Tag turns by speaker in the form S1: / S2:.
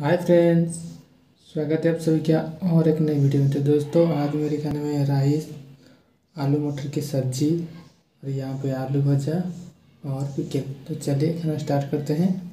S1: हाय friends स्वागत है आप सभी का और एक नई वीडियो में तो दोस्तों आज मेरे खाने में राइस आलू मटर की सब्जी और यहाँ पे आलू भजा और पिकल तो चलिए खाना स्टार्ट करते हैं